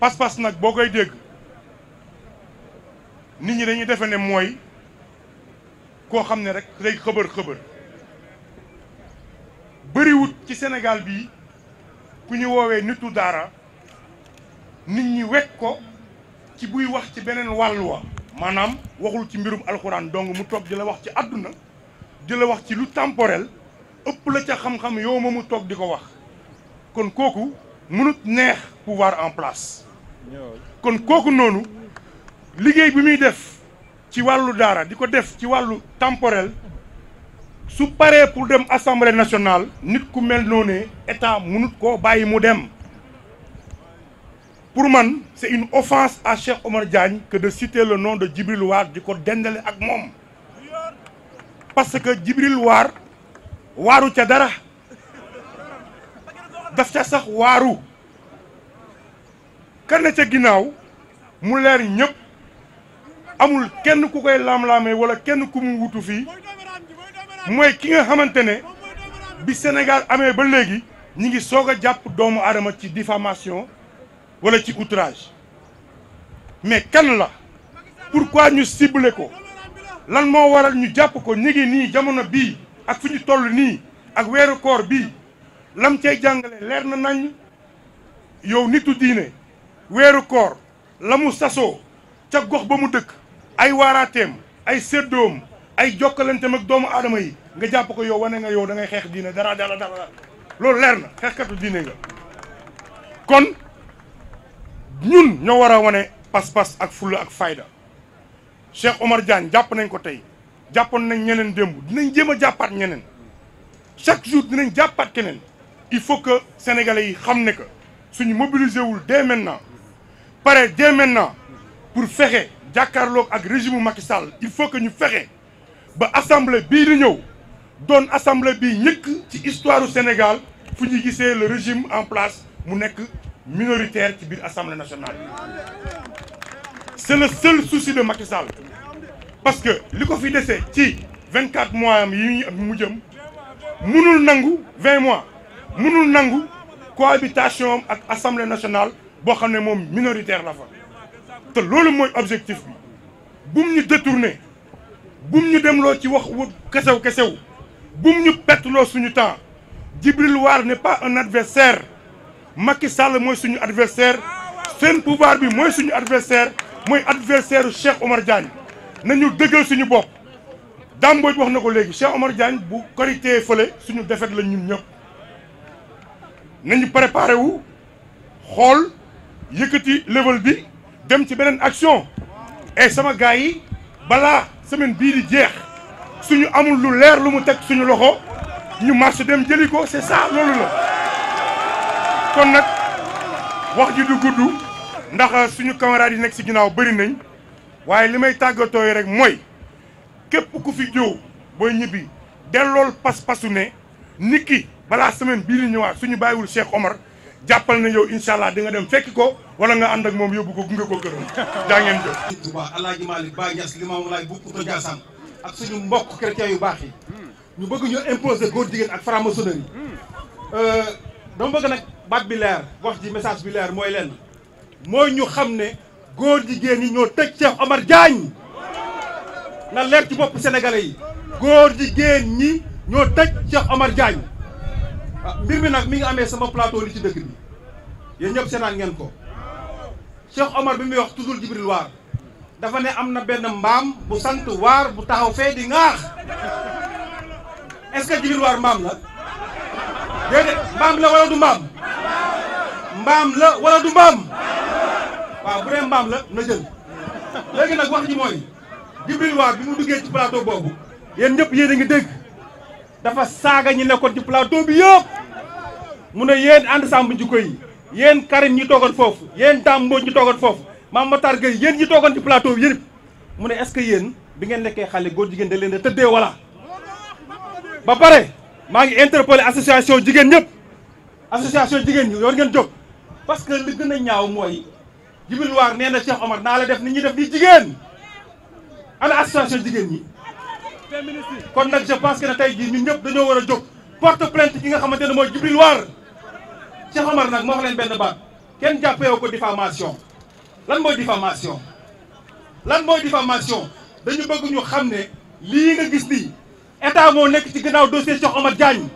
pas-pas nag boo koy dégg nit ñi dañuy defe ne mooy koo xam ne rek day xëbër xëbër bëriwut ci Sénégal bi ku ñu woowee nitu daara nit ñi wekk ko ci buy wax ci beneen wàll wa maanaam waxul ci mbirum alxuraan donc mu toog di la wax ci àdduna di la wax ci lu temporel ëpp la ca xam-xam yow ma mu toog di ko wax kon kooku mënut neex pouvoir en place kon kooku noonu liggéey bi muy def ci wàllu daara di ko def ci wàllu temporel su paree pour dem assemblée nationale nit ku mel noonu état mënut ko bàyyi mu dem pour man c'est une offense à Cheikh Omar Diagne que de citer le nom de Djibril War di ko dendale ak moom parce que Djibril War waaru ca dara daf ca sax waaru kan na ca ginnaaw mu leer ñëpp amul kenn ku koy laam-laamee wala kenn ku mu wutu fii mooy ki nga xamante ne bi Sénégal amee ba léegi ñu ngi soog a jàpp doomu aadama ci diffamation wala ci outrage mais kan la pourquoi ñu ciblé ko lan moo waral ñu jàpp ko ñi nii jamono bii ak fi ñu toll nii ak weeru koor bii lam cay jàngale leer na nañ yow nitu diine weeru koor la mu sasoo ca gox ba mu dëkk ay waaraateem ay séddoom ay jokkalanteem ak doomu aadama yi nga jàpp ko yow wane nga yow da ngay xeex diine dara dara dara loolu leer na xeexkatu diine nga kon ñun ñoo war a wane pas-pas ak fulla ak fayda Cheikh Omar Diagne jàpp nañ ko tey jàppoon nañ ñeneen démb dinañ jéem a jàppaat ñeneen chaque jour dinañ jàppaat keneen il faut que sénégalais yi xam ne que suñu mobiliser wul dès maintenant pare dès maintenant pour fexe jàkkaarloog ak régime Macky Sall il faut que ñu fexe ba assemblée bii di ñëw doon assemblée bi ñëkk ci histoire du Sénégal fu ñu gisee le régime en place mu nekk minoritaire ci biir assemblée nationale c'est le seul souci de Macky parce que li ko fi dese ci vingt quatre mois am yi mu jëm munul nangu vingt mois munul nangu cohabitation am ak assemblée nationale boo xam ne moom minoritaire la fa te loolu mooy objectif bi bum ñu détourné bum ñu demloo ci wax kesew kesew bum ñu perteloo suñu temps Djibril War n'est pas un adversaire Macky Sall mooy suñu adversaire seen pouvoir bi mooy suñu adversaire mooy adversaire Cheikh Omar na ñu dëggal suñu bopp Damboj wax na ko léegi Cheikh Omar Diagne bu korité fële suñu defet la ñun ñëpp nañu préparé wu xool yëkkati level bi dem ci beneen action et sama gars yi balaa semaine bii di jeex suñu amul lu leer lu mu teg suñu loxo ñu marché dem jëli ko c'est loolu la kon nag wax ji du gudd ndax suñu camarades yi nekk ci ginnaaw bëri nañ waaye li may tàggatooy rek mooy képp ku fi jóow booy ñibbi dellool pas-pasu ne nit ki balaa semaine bii di ñëwaat suñu bàyyiwul Cheikh Omar jàppal na yow incha allah di nga dem fekk ko wala nga ànd ak moom yóbbu ko gunge ko këram jaa ngeen jëf. Touba Alaaji Maalik Baay Ñas Limaamu Laay bu Kuuta Njaasaan ak suñu mbokk chrétien yu baax yi ñu bëgg ñu imposer góor jigéen ak franc-maçonnerie euh, dama bëgg nag baat bi leer wax ji message bi leer mooy leen mooy ñu xam ne góor jigéen yi ñoo tëj Cheikh Omar Diagne na leer ci bopp sénégalais yi góor jigéen ñi ñoo tëj Cheikh Omar Diagne ah mbir mi nag mi ngi amee sama plateau li ci dëkk bi yéen ñëpp seenaan ngeen ko Cheikh Omar bi muy wax toujours Jibril Waar dafa ne am na benn mbaam bu sant waar bu taxaw fee di ŋaax est-ce mbaam la déedéet mbaam du mbaam mbaam la wala du mbaam waaw bu dee mbaam la na jël léegi nag wax ji mooy Jibril Waar bi mu duggee ci plateau boobu yéen ñëpp yéen ngi dégg dafa saaga ñi nekkoon ci plateau bi yëpp mu ne yéen ànd sàmm jikko yi yéen Karim ñi toogoon foofu yéen Dame Mbodj ñi toogoon foofu Mame Matar Gueye yéen ñi toogoon ci plateau bi yëpp mu ne est-ce que yéen bi ngeen nekkee xale góor jigéen da leen a tëddee wala ba pare maa ngi interpellé association jigéen ñëpp association jigéen ñi yor ngeen jóg parce que li gën a ñaaw mooy Jibril Waar nee na Cheikh Omar naa la def ni ñuy def di jigéen ana association jigéen ñi kon nag je pense que ne tey jii ñun ñëpp dañoo war a jóg porte plainte ki nga xamante ne mooy Jibril Waar Cheikh Omar nag moo wax leen benn ba kenn jàppeewu ko diffamation lan mooy diffamation lan mooy diffamation dañu bëgg ñu xam ne lii nga gis nii état moo nekk ci ginnaaw dossier Cheikh Omar Diagne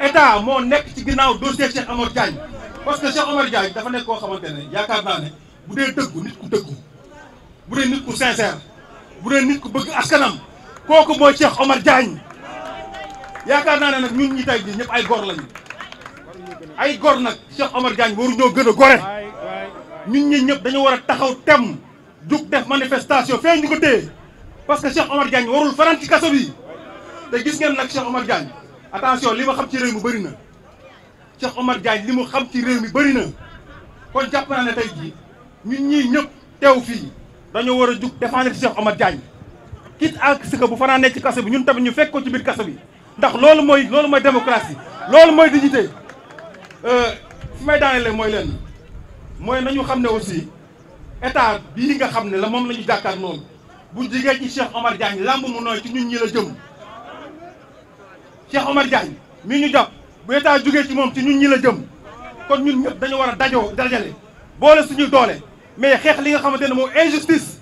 état moo nekk ci ginnaaw dossier Cheikh Omar Diagne parce que Cheikh Omar Diagne dafa nekk koo xamante ne yaakaar naa ne bu dee dëggu nit ku dëggu bu dee nit ku sincère bu dee nit ku bëgg askanam kooku mooy Cheikh Omar Diagne yaakaar naa ne nag ñun ñi tey jii ñëpp ay góor lañu. ay gor nag Cheikh Omar Diagne ñoo gën a gore ñun ñi ñëpp dañu war a taxaw tem jug def manifestation fee ñu ko téye parce que Cheikh Omar Diagne warul fanaan ci kaso bi te gis ngeen nag Cheikh Omar Diagne attention li ma xam ci réew mi bëri na Cheikh Omar Diagne li mu xam ci réew mi bëri na kon jàpp naa ne tey jii ñun ñii ñëpp teew fii dañoo war a jug défendre Cheikh Omar jaañ quitte à ce bu fanaanee ci kaso bi ñun tamit ñu fekk ko ci biir kaso bi ndax loolu mooy loolu mooy loolu mooy fi may daanelee mooy leen mooy nañu xam ne aussi état bii nga xam ne la moom la ñu jàkkaar noonu bu jigéen ci Cheikh Omar Diagne làmb mu nooy ci ñun ñi la jëm Cheikh Omar Diagne mii ñu jàpp bu état jugee ci moom ci ñun ñi la jëm kon ñun ñëpp dañu war a dajoo dajale boole suñu doole mais xeex li nga xamante ne moom injustice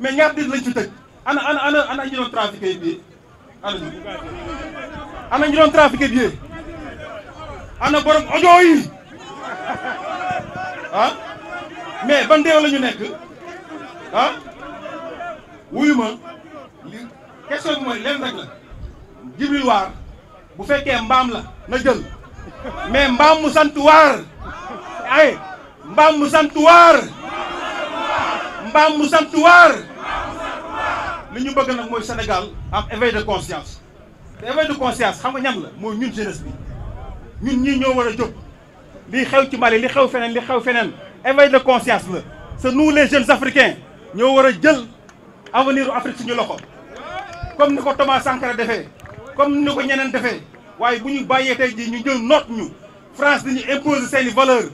mais ñaar nit lañ fi tëj ana ana ana ana ñu doon trafiqué bi ana ñu ana ñu doon trafiqué bi ana borom audio yi ah mais ban ñu nekk ah wuyu ma mooy leen rek la bu fekkee mbaam la na jël mais mbaam mu sant waar ay mbaam mu sant mbaam mu sant waar li ñu bëgg nag mooy Sénégal am éveil de conscience te éveil de conscience xam nga ñan la mooy ñun jeunesse bi ñun ñii ñoo war a jóg li xew ci Mali li xew feneen li xew feneen éveil de conscience la c'est nous les jeunes africains ñoo war a jël avenir Afrique suñu loxo comme ni ko Thomas Sankara defee comme ni ko ñeneen defee waaye bu ñu bàyyee tey jii ñu jël noot ñu France dañu imposer seen i valeur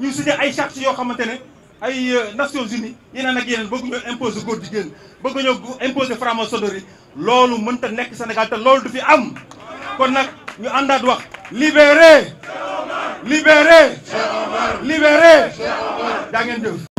ñu signé ay charte yoo xamante ne ay euh, Nations Unies yeneen ak yeneen bëgg ñoo imposer góor jigéen bëgg ñoo imposer franc-maçonnerie loolu mënta nekk Sénégal te loolu du fi am kon nag ñu àndaat wax libéré libéré libéré daa ngeen jëf